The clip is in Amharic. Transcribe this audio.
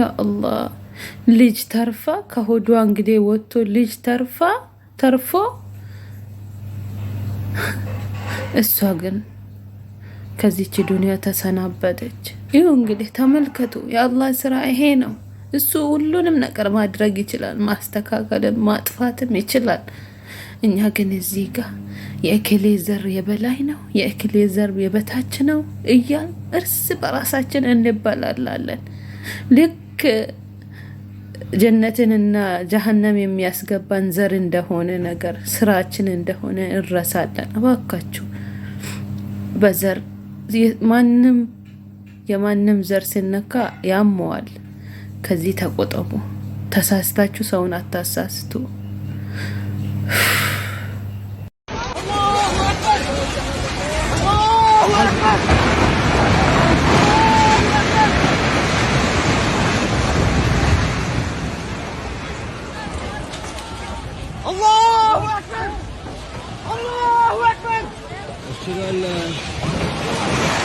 ያአላ ልጅ ተርፋ ከሆዷ እንግዲህ ወጥቶ ልጅ ተርፋ ተርፎ እሷ ግን ከዚች ዱንያ ተሰናበተች። ይሁ እንግዲህ ተመልከቱ፣ የአላህ ስራ ይሄ ነው። እሱ ሁሉንም ነገር ማድረግ ይችላል፣ ማስተካከልን ማጥፋትም ይችላል። እኛ ግን እዚህ ጋር የእክሌ ዘር የበላይ ነው፣ የእክሌ ዘር የበታች ነው እያል እርስ በራሳችን እንበላላለን። ልክ ጀነትንና ጀሀነም የሚያስገባን ዘር እንደሆነ ነገር ስራችን እንደሆነ እንረሳለን። እባካችሁ በዘር ማንም የማንም ዘር ሲነካ ያመዋል። ከዚህ ተቆጠቡ። ተሳስታችሁ ሰውን አታሳስቱ። Allahu Ekber! Allahu Ekber! Eşhedü en